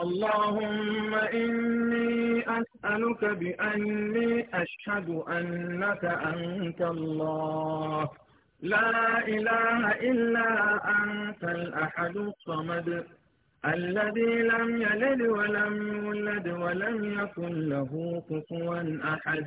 اللهم إني أسألك بأني أشهد أنك أنت الله لا إله إلا أنت الأحد الصمد الذي لم يلد ولم يولد ولم يكن له كفوا أحد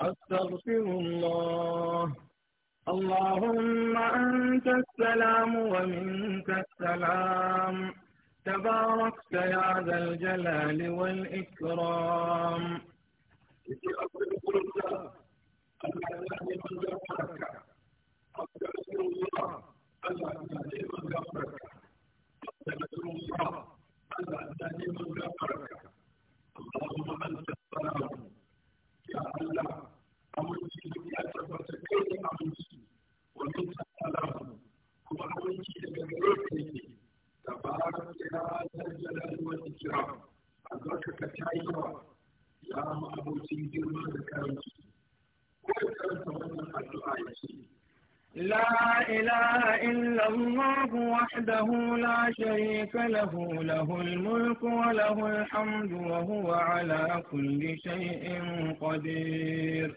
أستغفر الله اللهم أنت السلام ومنك السلام تباركت يا ذا الجلال والإكرام أستغفر الله أستغفر الله أستغفر الله الله وحده لا شريك له له الملك وله الحمد وهو على كل شيء قدير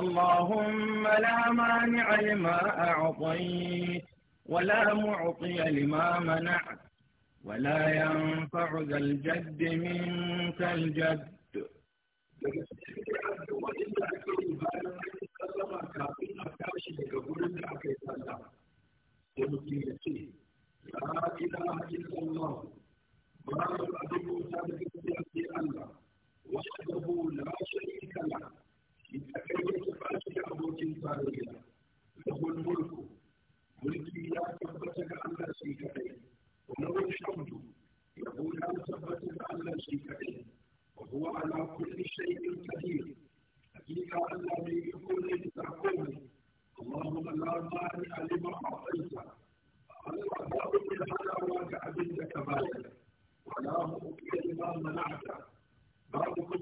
اللهم لا مانع لما أعطيت ولا معطي لما منعت ولا ينفع ذا الجد منك الجد daga cikin لا إله إلا الله ما يعذب ذلك بأمر الله وحده لا شريك له إذا كيف فأشي أبو تنفاريا له الملك ملكي لا ثبتك على شيكتين وله الحمد يقول لا ثبتك على شيكتين وهو على كل شيء قدير حقيقة أن لا يكون إنسان الله علم أعطيت الله تعبد على واك عبدك كمالك ولا مؤتي لما منعت بعضكم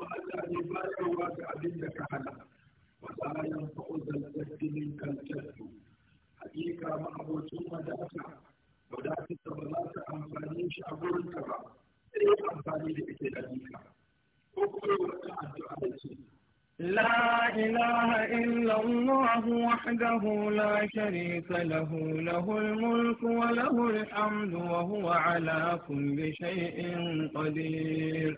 إله إلا الله وحده لا شريك له له الملك وله الحمد وهو على كل شيء قدير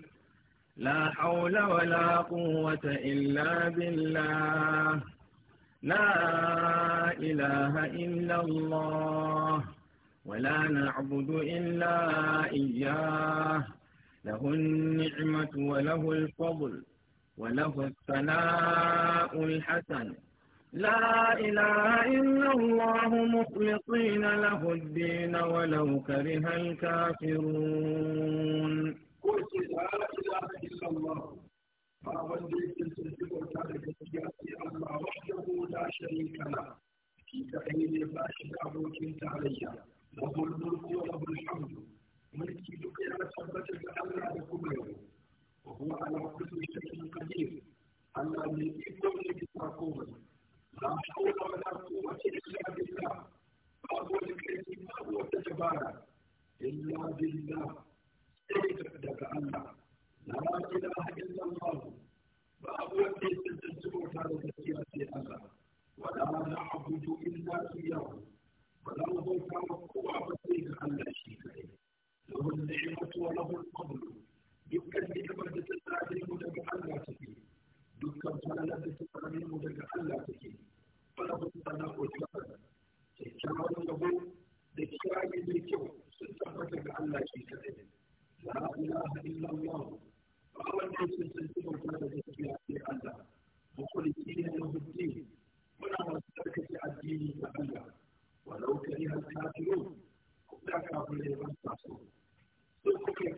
لا حول ولا قوة إلا بالله لا إله إلا الله ولا نعبد إلا إياه له النعمة وله الفضل وله الثناء الحسن لا إله إلا الله مخلصين له الدين ولو كره الكافرون قل لا إله إلا الله فمن يستلزمه ذلك يأتي الله وحده لا شريك له في الله فاشد أبوك علي له الملك وله الحمد ملكي لك يا ثبت الله لكم وهو على كل شيء قدير ألا يجيكم لتتركون لا حول ولا قوة إلا بالله أبو الكريم أبو تجبارا إلا بالله سيدك دك الله لا إله إلا الله فأبو الكريم تنسوا في الله ولا نعبد إلا إياه ولا نظن كما قوة بسيط الله شيء له النعمة وله القبر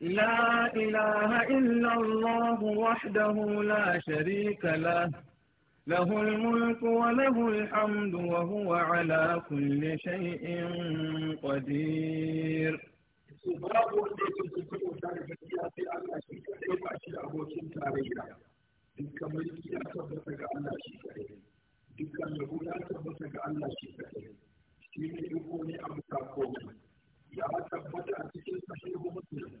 لا إله إلا الله وحده لا شريك له له الملك وله الحمد وهو على كل شيء قدير ya Allah shi dukkan ya tabbata ga Allah shi dukkan ya tabbata ga Allah shi shi ne ya tabbata a cikin sahihu muslim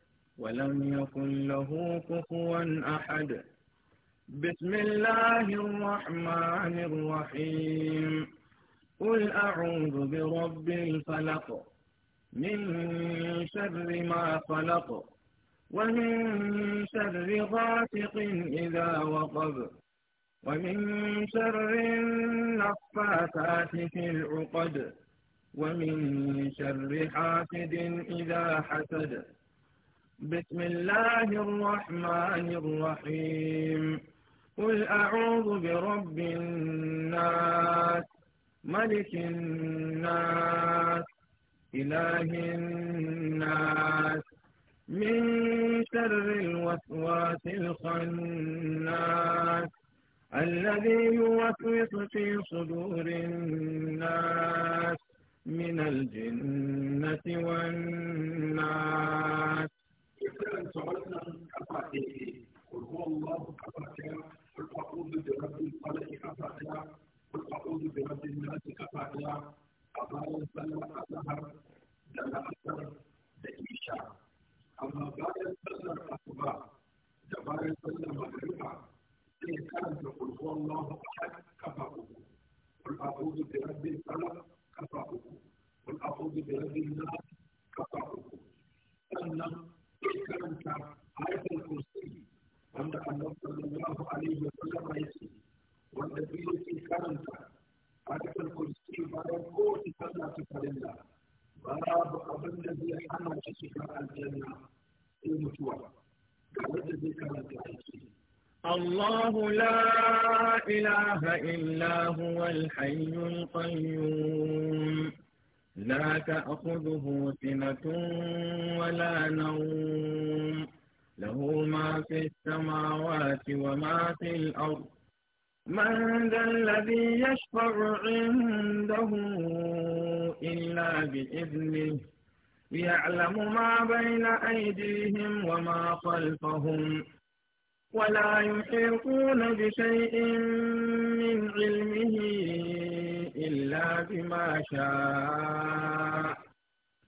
ولم يكن له كفوا أحد بسم الله الرحمن الرحيم قل أعوذ برب الفلق من شر ما خلق ومن شر غاسق إذا وقب ومن شر النفاثات في العقد ومن شر حاسد إذا حسد بسم الله الرحمن الرحيم قل أعوذ برب الناس ملك الناس إله الناس من شر الوسواس الخناس الذي يوسوس في صدور الناس من الجن أعوذ برب الفلق كفره قل أعوذ برب الناس كفره أن كانت آية الكرسي وأن النبي صلى الله عليه وسلم يسي والنبي في كانت آية الكرسي بعد قوة صلاة فلله باب أبن الذي حمل شفاء الجنة المتوى قال الذي كانت آية الله لا إله إلا هو الحي القيوم لا تأخذه سنة ولا نوم له ما في السماوات وما في الأرض من ذا الذي يشفع عنده إلا بإذنه يعلم ما بين أيديهم وما خلفهم ولا يحيطون بشيء من علمه إلا بما شاء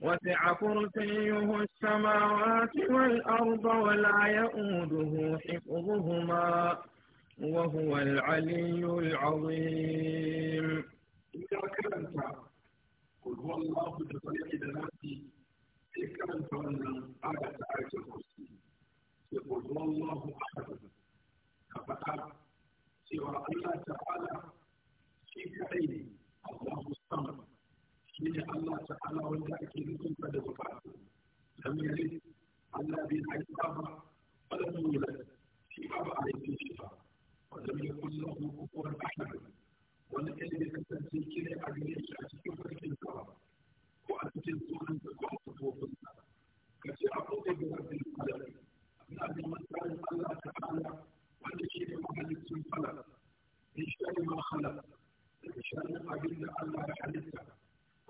وسع فرسيه السماوات والأرض ولا يؤده حفظهما وهو العلي العظيم Ìjọ́ kẹ́lẹ̀ta, kò ní wọ́n lọ́wọ́ ìjọ́ tó yẹ́ ìdẹ̀lẹ́ sí, ìjọ́ kẹ́lẹ̀ta wọ́n ni àwọn àwọn àwọn àwọn àwọn àwọn àwọn àwọn àwọn àwọn da wallahu ahad ka cewa Allah ta'ala shi kadai ne Allahu samad shi ne Allah ta'ala wanda ake nufin da bukatu lam yalid misalin Allah ta'ala wanda shi ne mahalittun falak in shari ma halak daga sharin abin da Allah ya halitta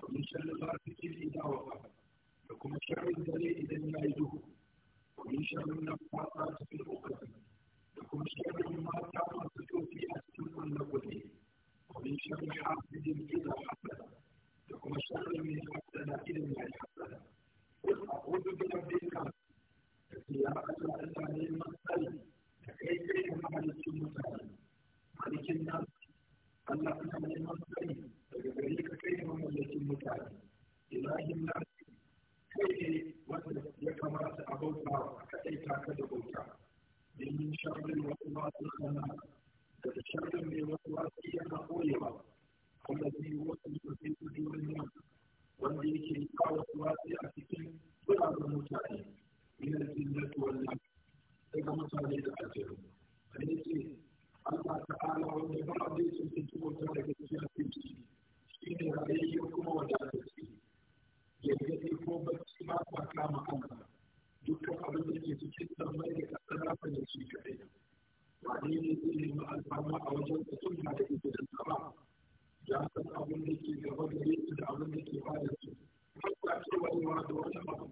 wa min sharin barfikin idan wa da kuma sharin dare idan ya yi duhu wa min sharin na fata cikin ukasi da kuma sharin mata masu tofi a cikin wannan waje wa min sharin hasidin idan hasada da kuma sharin mai hasada idan ya yi hasada. Wasu abubuwan da ya wanda yake kawo wasu a cikin wuraren mutane من الجنة والنار كما قال الآخر فنسي الله تعالى وأن بعض يسمى ذلك الجنة شين رأيكم وداتكم يجري كوبك ما فكام أمر dukkan abin da ke cikin samar da kasar rafa da shi kaɗai wani ne zai nemi alfama a wajen mutum na da ke da sama ya san abin da ke gaba gare su da abin da ke bada su har ta ce wani da wani abu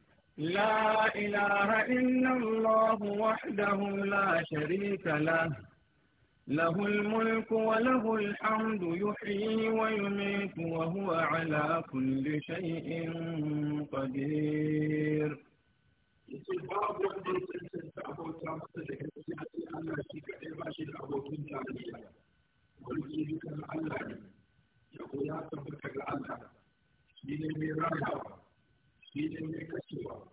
لا إله إلا الله وحده لا شريك له له الملك وله الحمد يحيي ويميت وهو على كل شيء قدير Shi ne mai rayawa, shi ne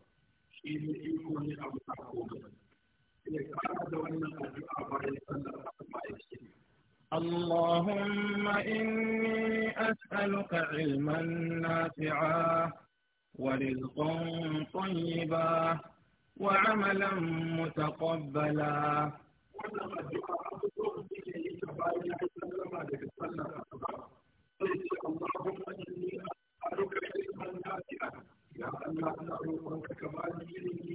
اللهم إني أسألك علما نافعا ورزقا طيبا وعملا متقبلا اللهم إني أسألك علما نافعا Allah muna roƙonka ka ba mu ilimi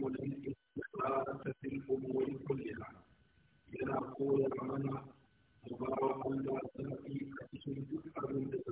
mulki ta tilkumuri kulliha yana koya mana mu ba wa Allah zafi a cikin da